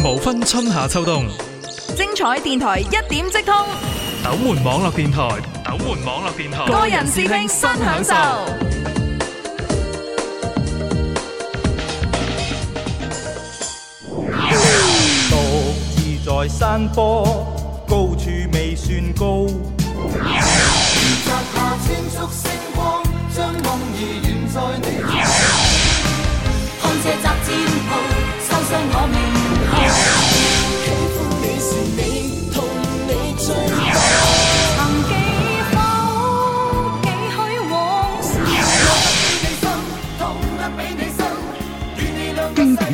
無分春夏秋冬，精彩電台一點即通。斗門網絡電台，斗門網絡電台，個人視聽新享受。獨自在山坡，高處未算高。摘下千束星光，將夢兒懸在你窗前。看這集戰袍，收傷我命。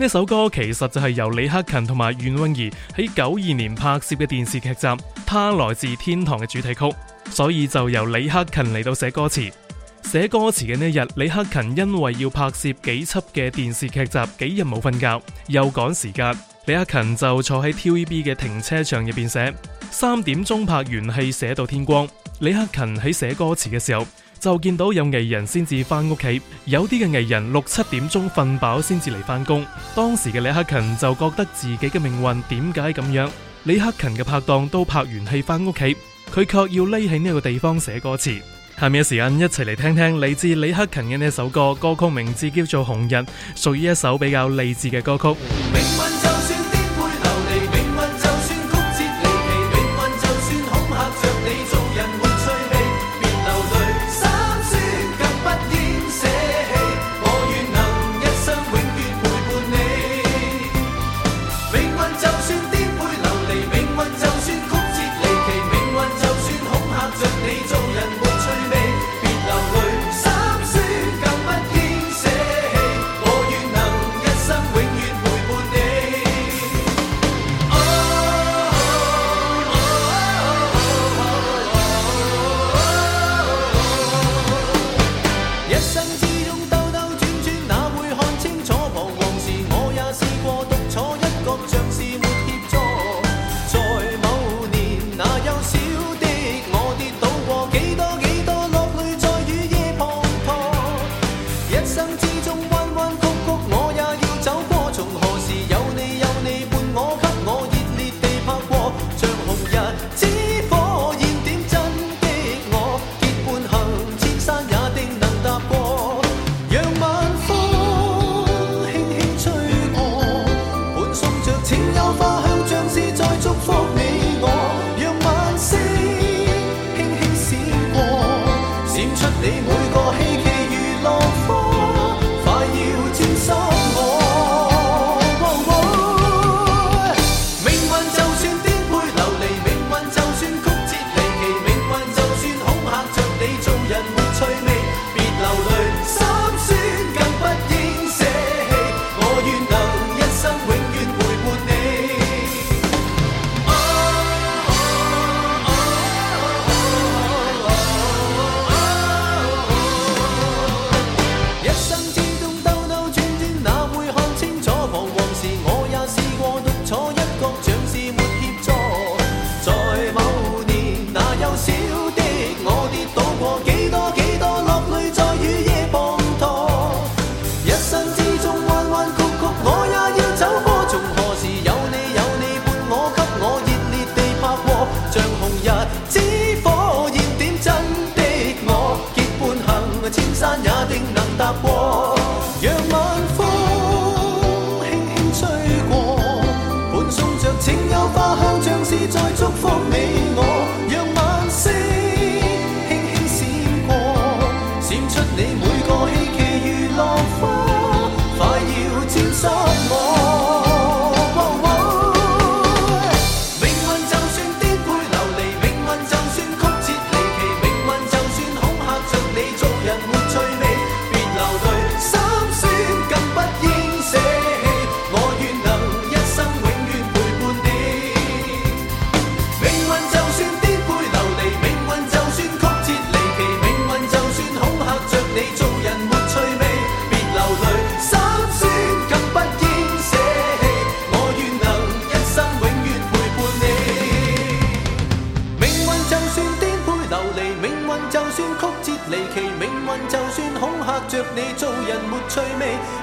呢首歌其實就係由李克勤同埋袁詠儀喺九二年拍攝嘅電視劇集《他來自天堂》嘅主題曲，所以就由李克勤嚟到寫歌詞。寫歌詞嘅呢日，李克勤因為要拍攝幾輯嘅電視劇集，幾日冇瞓覺，又趕時間，李克勤就坐喺 TVB 嘅停車場入邊寫。三點鐘拍完戲，寫到天光。李克勤喺寫歌詞嘅時候，就見到有藝人先至翻屋企，有啲嘅藝人六七點鐘瞓飽先至嚟翻工。當時嘅李克勤就覺得自己嘅命運點解咁樣？李克勤嘅拍檔都拍完戲翻屋企，佢卻要匿喺呢個地方寫歌詞。下面嘅時間一齊嚟聽聽嚟自李克勤嘅呢首歌，歌曲名字叫做《紅日》，屬於一首比較勵志嘅歌曲。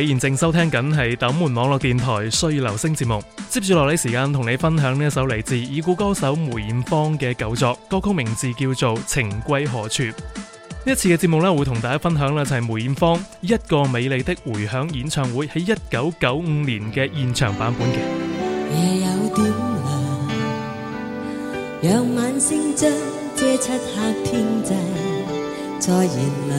你現正收聽緊係《斗門網絡電台歲月留聲》節目，接住落嚟時間同你分享呢一首嚟自已故歌手梅艷芳嘅舊作，歌曲名字叫做《情歸何處》。呢一次嘅節目呢，會同大家分享啦就係梅艷芳一個美麗的回響演唱會喺一九九五年嘅現場版本嘅。夜有點涼，讓晚星將這漆黑天際再燃亮，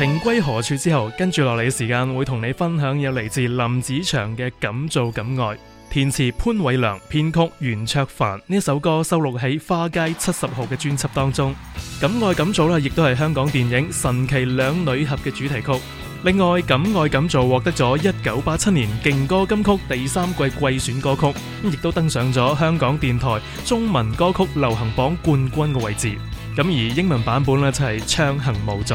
情歸何處之後，跟住落嚟嘅時間會同你分享有嚟自林子祥嘅《敢做敢愛》，填詞潘偉良，編曲袁卓凡，呢首歌收錄喺《花街七十號》嘅專輯當中。《敢愛敢做》呢亦都係香港電影《神奇兩女俠》嘅主題曲。另外，《敢愛敢做》獲得咗一九八七年勁歌金曲第三季季選歌曲，亦都登上咗香港電台中文歌曲流行榜冠軍嘅位置。咁而英文版本呢，就係暢行無阻。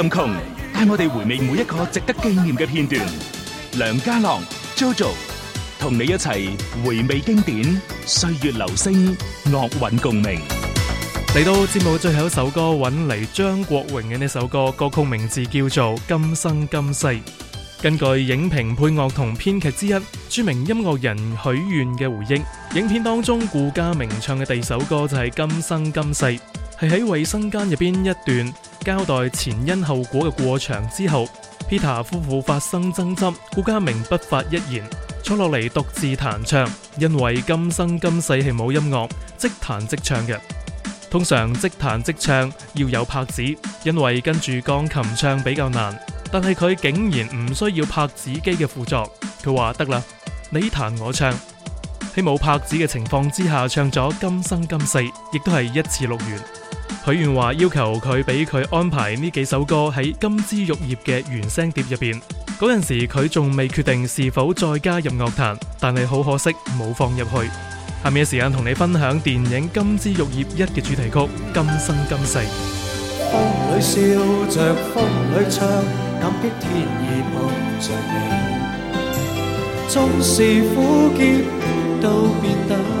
金窮帶我哋回味每一個值得紀念嘅片段。梁家朗 JoJo 同你一齊回味經典歲月留聲，樂韻共鳴。嚟到節目最後一首歌，揾嚟張國榮嘅呢首歌，歌曲名字叫做《今生今世》。根據影評配樂同編劇之一著名音樂人許願嘅回憶，影片當中顧家明唱嘅第二首歌就係《今生今世》，係喺衛生間入邊一段。交代前因後果嘅過場之後，Peter 夫婦發生爭執，顧家明不發一言，坐落嚟獨自彈唱。因為《今生今世》係冇音樂，即彈即唱嘅。通常即彈即唱要有拍子，因為跟住鋼琴唱比較難。但係佢竟然唔需要拍子機嘅輔助，佢話得啦，你彈我唱。喺冇拍子嘅情況之下，唱咗《今生今世》，亦都係一次錄完。許願話要求佢俾佢安排呢幾首歌喺《金枝玉葉》嘅原聲碟入邊，嗰陣時佢仲未決定是否再加入樂壇，但係好可惜冇放入去。下面嘅時間同你分享電影《金枝玉葉》一嘅主題曲《今生今世》。風裏笑着，風裏唱，感激天意抱着你，縱是苦澀都變得。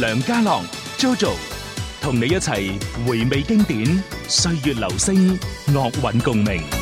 梁家樂 Jojo 同你一齊回味經典，歲月留聲，樂韻共鳴。